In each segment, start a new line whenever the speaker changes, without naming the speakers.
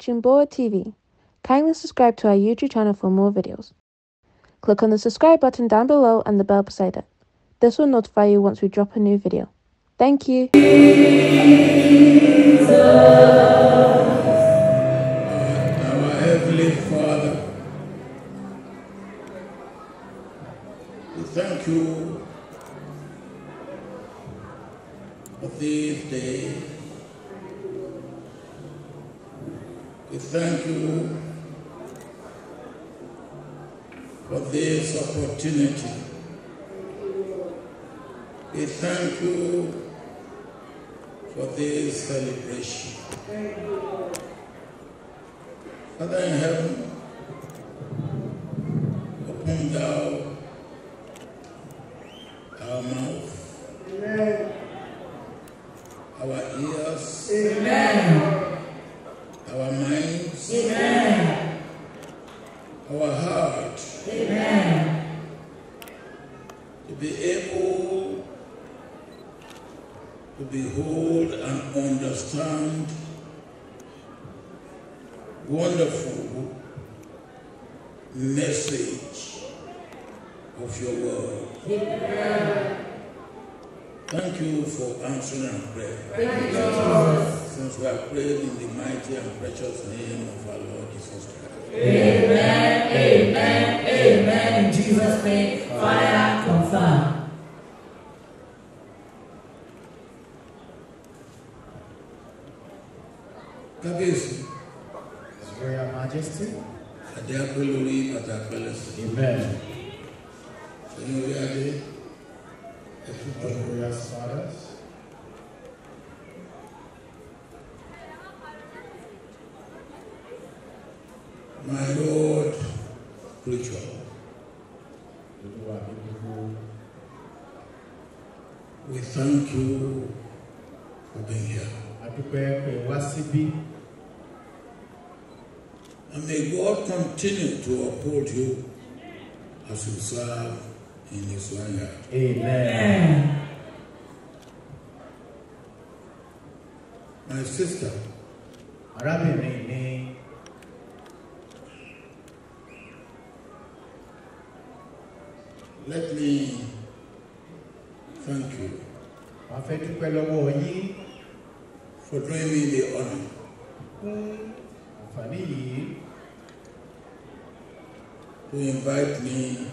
watching Boa TV. Kindly subscribe to our YouTube channel for more videos. Click on the subscribe button down below and the bell beside it. This will notify you once we drop a new video. Thank you. Jesus, our Heavenly Father, we thank you for this day. We thank you for this opportunity. We thank you for this celebration. Father in heaven, open thou to behold and understand wonderful message of your word. Amen. Thank you for answering our prayer. Thank you, Since we are praying in the mighty and precious name of our Lord Jesus Christ. Amen, amen, amen. In Jesus' name, fire confirm. Kábíyèsí. His Royal Majesty. Adé apẹ́ lórí bàtà pẹ́lẹ́ sí. Amen. Ẹni orí adé. Ẹkú tó. Royal Fathers. My Lord, preacher, We thank you continue to uphold you as you serve in his vineyard. Amen. My sister, Rabbi mi. Let me thank you. For doing me the honour. Fún àǹfààní who invite me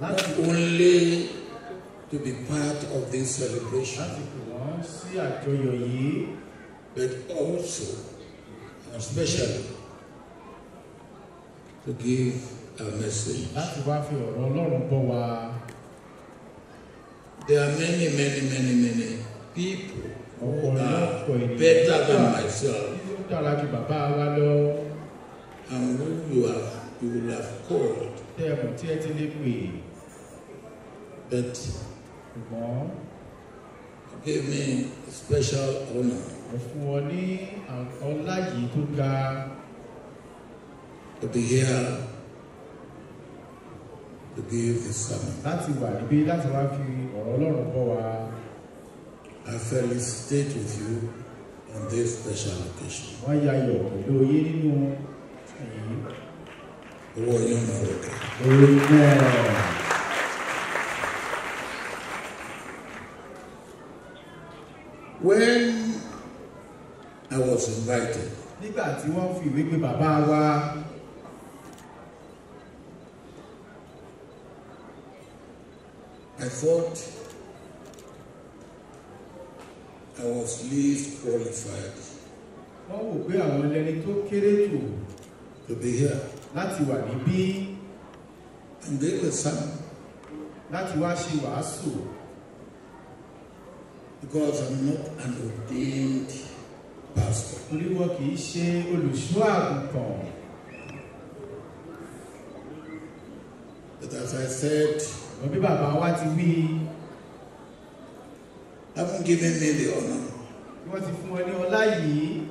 not only to be part of this celebration, but also and especially to give a message. There are many, many, many, many people who are better than myself and who you are you will have called. Tẹ́ ẹ kò tí ẹ ti lè pè é. But ṣùgbọ́n. Give me special honour. Mo fún ọ ní ọlá yìí tó ga. To be here to give this sermon. Láti wà níbí láti wá fi ọ̀rọ̀ Ọlọ́run bọ̀ wá. I felicitate with you on this special occasion. Wọ́n yayọ̀ pẹ̀lú oyé nínú èyí. When I was invited, nígbà tí wọ́n fi ìwé pè bàbá wa. I thought I was least qualified. Wọ́n wò pé àwọn tó kéré jù. To be here láti wà níbí. And they were sad. Láti wá ṣe wàásù. Because I'm not an ordained pastor. Torí wọn kì í ṣe olùṣọ́ àgùntàn. But as I said. Òbí bàbá wa ti wí. Haven't given me the honour. Wọ́n ti fún ọ ní ọlá yìí.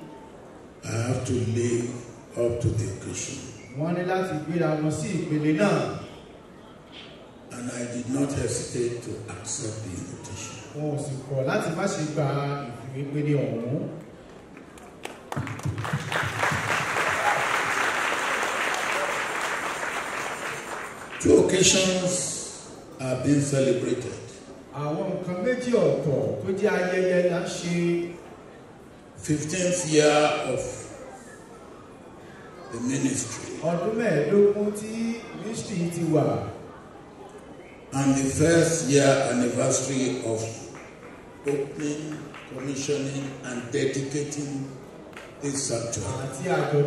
I have to live up to the occasion. wọ́n ní láti gbéra wọn sí ìpele náà. And I did not hesitate to accept the invitation. Wọn ò sì kọ̀ láti má ṣe gba ìfìwépele ọ̀hún. Two occasions are being celebrated. Àwọn nǹkan méjì ọ̀tọ̀ tó jẹ́ ayẹyẹ la ṣe. Fifteenth year of the ministry. And the first year anniversary of opening, commissioning and dedicating this sanctuary.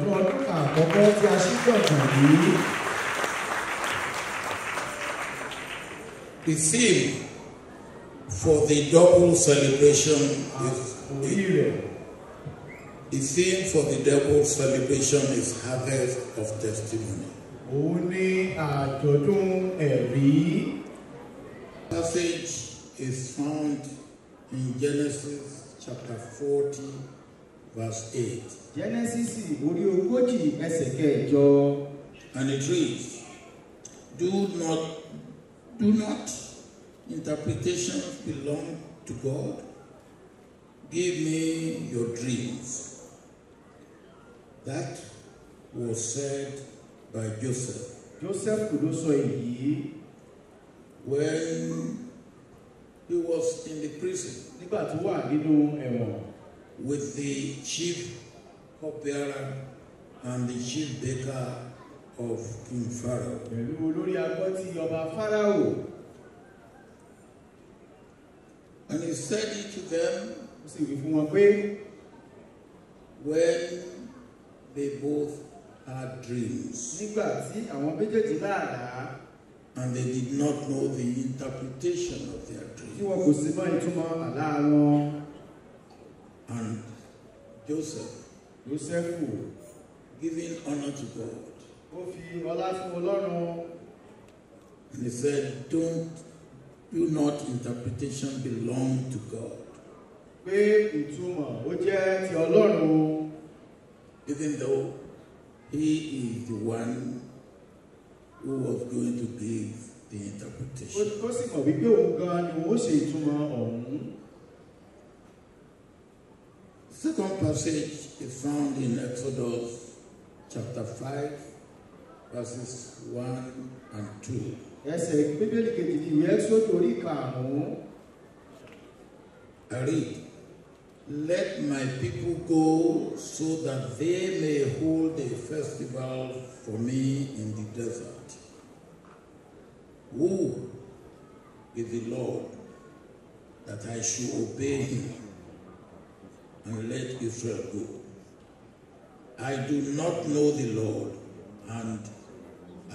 The theme for the double celebration is. The theme for the devil's celebration is harvest of testimony. Òun passage is found in Genesis chapter forty verse eight. Genesis orí ogójì ẹsẹ̀ And it reads, Do not, do not interpretations belong to God? Give me your dreams. That was said by Joseph. Joseph could also hear when he was in the prison. But what? He knew ẹ̀wọ̀n. With the chief cupbearer and the chief baker of King Pharaoh. And he said it to them. When they both had dreams. And they did not know the interpretation of their dreams. And Joseph. Joseph giving honor to God. And he said, don't, do not interpretation belong to God even though he is the one who was going to give the interpretation. Second passage is found in Exodus chapter 5, verses 1 and 2. I read. Let my people go so that they may hold a festival for me in the desert. Who is the Lord that I should obey him and let Israel go? I do not know the Lord and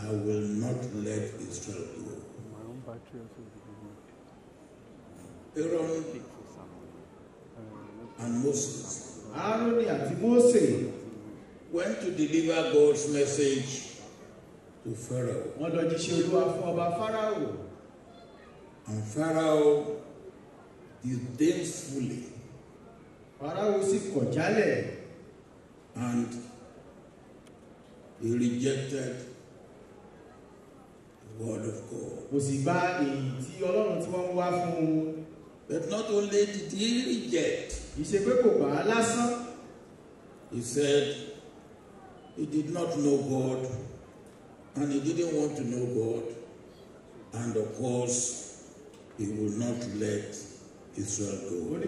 I will not let Israel go. Aaron and Moses Aaron àti Mose went to deliver God's message to Pharaoh. Pharaoh. And Pharaoh disdainfully. Pharaoh sì And he rejected the word of God. But not only did he reject, he said he did not know God and he didn't want to know God, and of course, he would not let Israel go.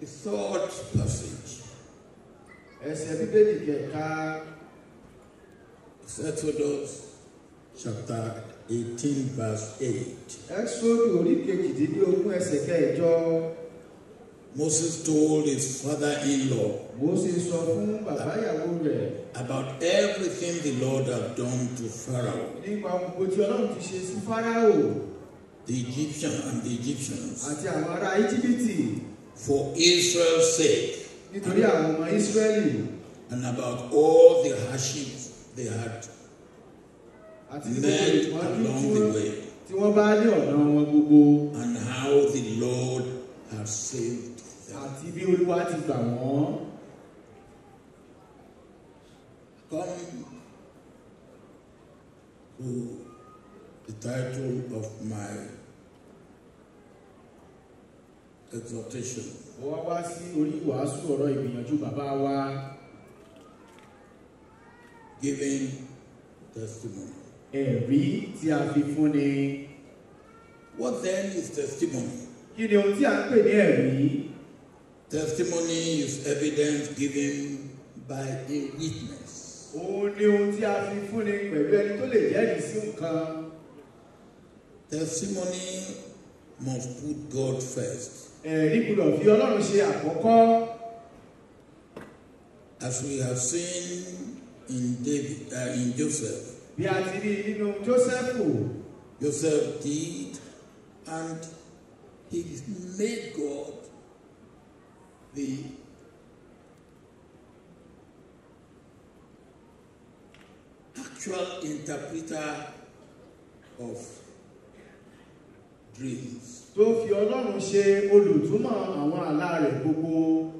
The third passage. Exodus chapter 18 verse 8. Exodus orí kejìdínlógún ẹsẹ̀ Moses told his father-in-law. About everything the Lord had done to Pharaoh. The Egyptian and the Egyptians. For Israel's sake. And about all the hardships they had met along the way. And how the Lord has saved them. Come to the title of my exhortation giving testimony. Ẹ̀rí tí a fi fún ni. What then is testimony? Kí ni ohun tí a ń pè ní ẹ̀rí? Testimony is evidence given by a witness. Òun ni ohun tí a fi fún ni pẹ̀lú ẹni tó lè jẹ́rìí sí nǹkan. Testimony must put God first. Ẹ̀rí gbọ́dọ̀ fi Ọlọ́run ṣe àkọ́kọ́. As we have seen. in David, uh, in Joseph. Bí a ti rí nínú Jósẹ́fù. Joseph did and he made God the actual interpreter of dreams. Tó fi Ọlọ́run ṣe olùtúmọ̀ àwọn àlá rẹ̀ gbogbo.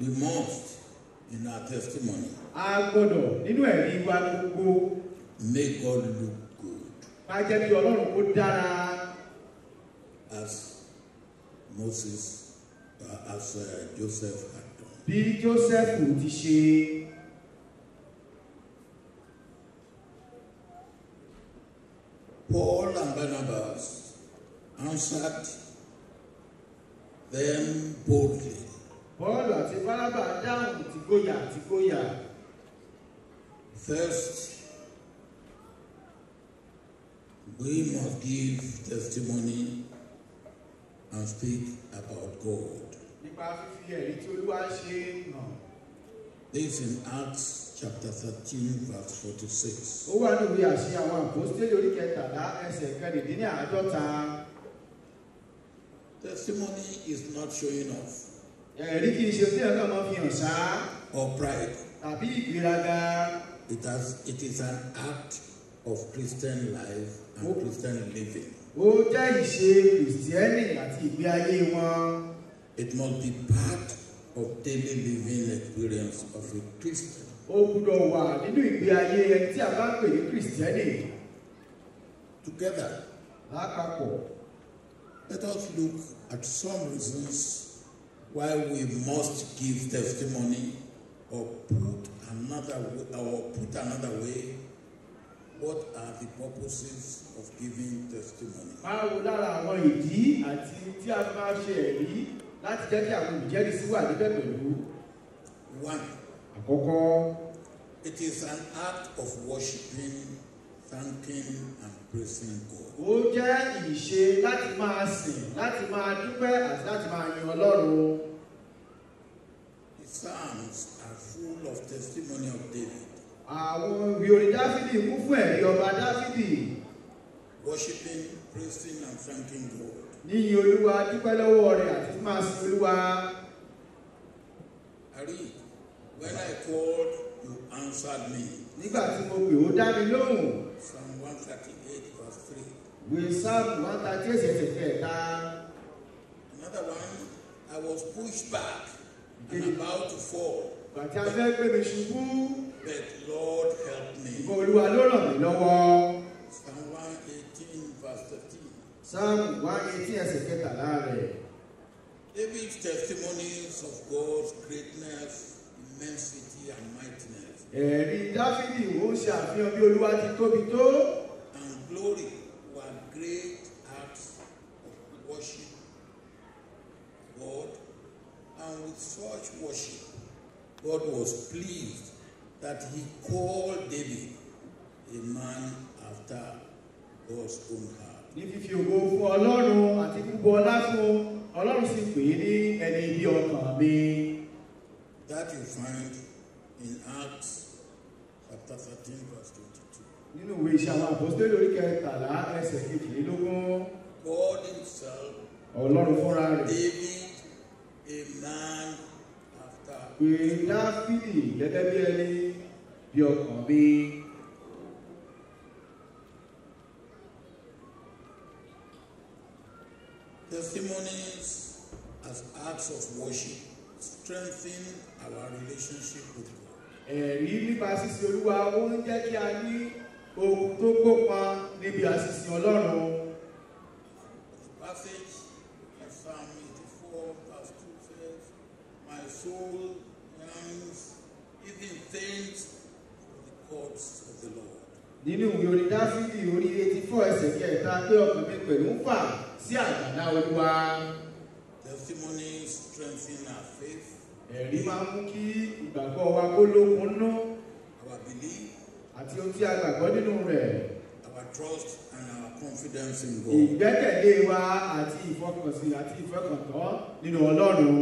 We must, in our testimony, a gbọ́dọ̀ nínú ẹ̀rí wa gbogbo. Make God look good. Má jẹ́ kí As Moses uh, as uh, Joseph had done. Joseph ti Paul and Barnabas answered them boldly. Paul àti Bárábà First, we must give testimony and speak about God. This in Acts chapter thirteen verse forty-six. Testimony is not showing off. ẹ̀rí kì í ṣe fún ẹ̀ka fi hàn sá. or pride. tàbí ìgbéraga. it has it is an act of Christian life and oh. Christian living. ó jẹ́ ìṣe kìrìsìtẹ́nì àti ìgbé ayé wọn. it must be part of daily living experience of a Christian. ó gbúdọ̀ wà nínú ìgbé ayé ẹni tí a bá ń pè ní kìrìsìtẹ́nì. together. lápapọ̀. let us look at some reasons why we must give testimony or put another way, or put another way what are the purposes of giving testimony. báwo lára àwọn ìdí àti tí a máa ṣe ẹ̀rí láti jẹ́ kí àwọn olùjẹ́rìísí wà níbẹ̀ pẹ̀lú. one. àkọ́kọ́. it is an act of worshiping thanking and praising God. Ó jẹ́ ìṣe láti máa sìn, láti máa dúpẹ́ àti láti máa yin Ọlọ́run. The Psalms are full of testimony of David. Àwọn ìwé orin Dáfídì kún fún ẹ̀rí ọba Dáfídì. Worshiping, praising and thanking God. Níyìn Olúwa dúpẹ́ lọ́wọ́ rẹ̀ àti máa sin Olúwa. Àrí, when I called, you answered me. Nígbà tí mo pè ó dá mi lóhùn. Psalm 138 verse 3. Oui, Psalm 138 verset 3. Another one, I was pushed back and about to fall. But, but Lord help
me. Olúwa ló ràn
mí Psalm 118 verse 13. Psalm 118 verse thirteen. David's testimonies of God's greatness, immensity and mightiness ẹ̀rí dáfídì ó ń ṣe àfihàn bí olúwa ti tóbi tó. and glory were great acts of worship God and with such worship God was pleased that he called David a man after God's own heart. ní fífi ògo fún ọlọ́run àti gbogbo ọlá fún ọlọ́run sì pè é ní ẹni bí ọkàn mi. that you find in Acts chapter 13, verse 22. Nínú ìwé ìṣàwọn àpọ́sítélì orí kẹtàlá ẹsẹ̀ kejìlélógún. God himself. Ọlọ́run fúnra rẹ̀. David a man after. Pé Dáfídì gẹ́gẹ́ bí ẹni bí ọkàn bíi. testimonies as acts of worship strengthen our relationship with God. ẹ̀rí nípa sísin olúwa ó ń jẹ́ kí a ní ohun tó kópa níbi àṣìṣe ọlọ́run. 84 verse 2 says, My
soul yearns, even faints for Nínú ìwé orin
Dáfídì orí eighty four ẹsẹ̀ kẹta pé ọkàn mi pẹ̀lú ń fà sí àgbàlá Olúwa. Testimony strengthen our faith. ẹ̀rí máa ń mú kí ìgbàgbọ́ wa kó lókun nú. our belief. àti ohun tí a gbàgbọ́ nínú rẹ̀. our trust and our confidence in God. ìgbẹ́kẹ̀lé wa àti ìfọkànsìn àti ìfọkàntọ́ nínú Ọlọ́run.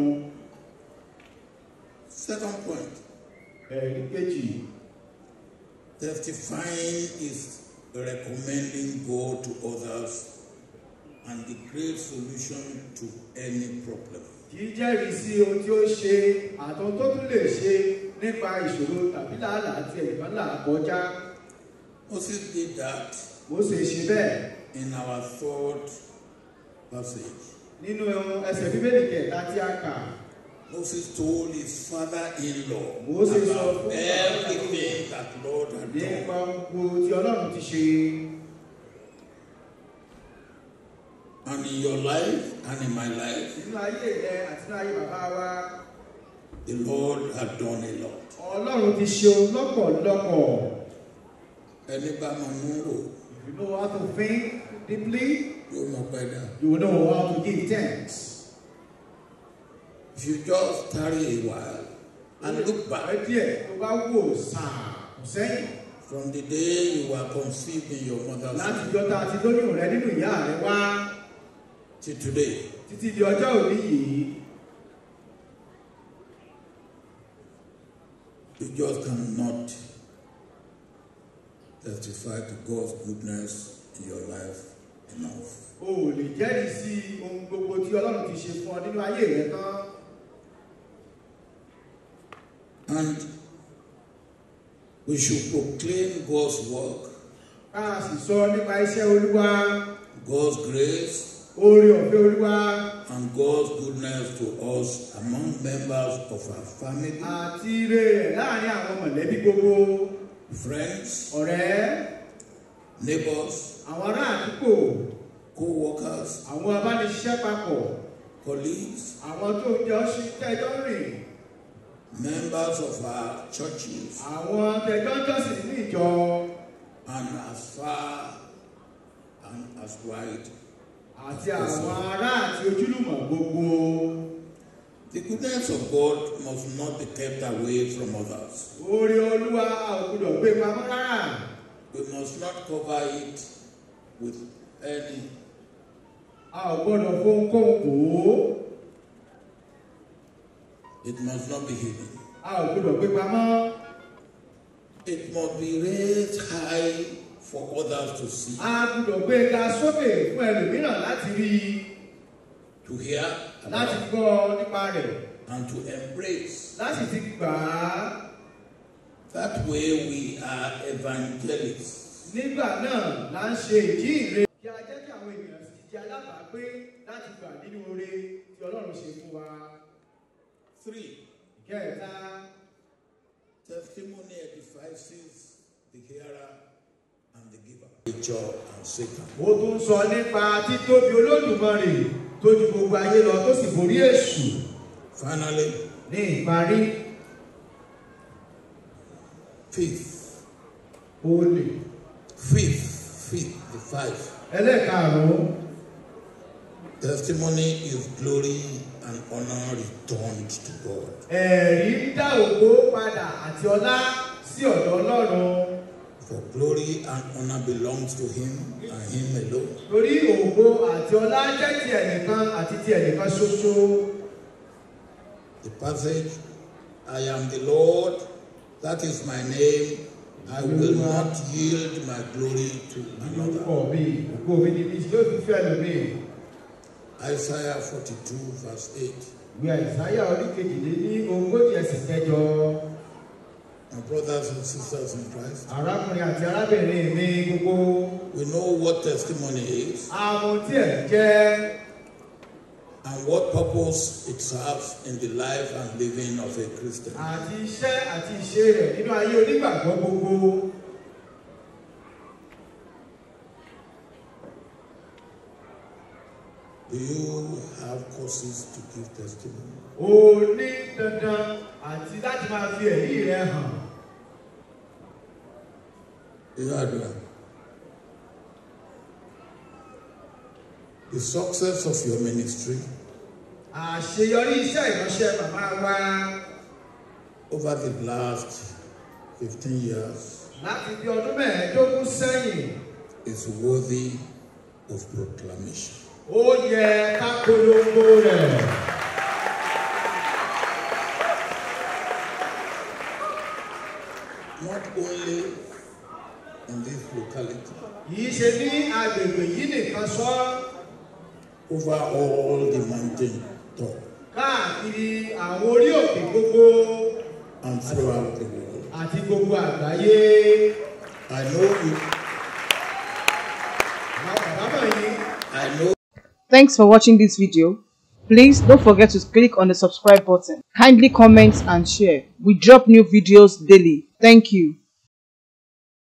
second point. ẹ̀rí kejì. testifying is recommending God to others and the great solution to any problem kì í jẹ́rìí tí ó ṣe àtọ́n tó tún lè ṣe nípa ìṣòro tàbí làálàá tí ẹ̀gbọ́n là kọjá. Mose did that. Mose ṣe bẹ́ẹ̀. in our third passage. Nínú ẹsẹ̀ Bíbélì kẹta tí a Moses told his father-in-law about everything that Lord had done. and in your life and in my life. The Lord has done a lot. Ọlọ́run ti You know how to think deeply. you will know how to give thanks. If you just tarry a while and look back. From the day you were conceived in your mother's womb to today. Títí di ọjọ́ òní yìí. You just cannot testify to God's goodness in your life enough. O ò lè jẹ́rìí sí ohun gbogbo tí Ọlọ́run ti ṣe fún ọ nínú ayé rẹ tán. And we should proclaim God's work. a sì sọ nípa iṣẹ́ Olúwa. God's grace. And God's goodness to us among members of our family. Friends. Neighbors. àdúgbò. Co-workers. Colleagues. Members of our churches. And as far and as wide àti àwọn ará àti ojúlùmọ̀ gbogbo. The goodness of God must not be kept away from others. Oore Olúwa a gbé pamọ́ rárá. We must not cover it with any. A ò gbọdọ̀ fónkóhun kò ó. It must not be hidden. A ò gbọdọ̀ gbé pamọ́. It must be raised high for others to see. a gbọdọ̀ gbé ga sókè fún ẹlòmíràn láti rí i. to hear. láti gbọ́ nípa rẹ̀. and to embrace. láti ti gbà á. that way we are evangelists. nígbà náà la ń ṣe ìdí ìre. kí a jẹ́ kí àwọn ènìyàn sì di alábàápé láti gbà nínú oore tí ọlọ́run ṣe fún wa. three. kẹta. testimony edifies the hearer. and the giver. Nature and Satan. Ó tún sọ nípa títóbi Olódùmarè tó ju gbogbo ayé lọ tó sì borí èṣù. Finally. Ní ìparí. Fifth. holy. Fifth. Fifth. The five. Testimony is glory and honor returned to God. Ẹ̀rí dá ògo padà àti ọlá sí ọ̀dọ̀ Ọlọ́run. For glory and honor belongs to him and him alone. The passage, I am the Lord, that is my name, I will not yield my glory to another. Orúkọ mi, ògo mi ni mi yóò fi Isaiah forty-two verse eight. My brothers and sisters in Christ. We know what testimony is. And what purpose it serves in the life and living of a Christian. Do you have courses to give testimony? Oh, ní dandan àti láti máa fi ẹ̀rí rẹ̀ hàn. nínú The success of your ministry. Àṣeyọrí iṣẹ́ ìránṣẹ́ màmá wa. Over the last fifteen years. Láti bí ọdún mẹ́ẹ̀ẹ́dógún sẹ́yìn. Is worthy of proclamation. Ó yẹ ká polongo rẹ̀. over all the mountain top. and throughout the world. I know you. I know. Thanks for watching this video. Please don't forget to click on the subscribe button. Kindly comment and share. We drop new videos daily. Thank you.